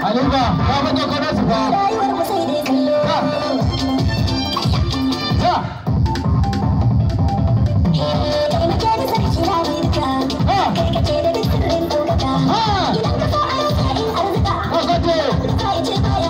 Aluga, kamu tu kena sebab. Ya. Ya. Ha. Ha. Ha.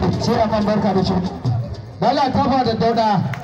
da ta sai a kan barka da shi dauda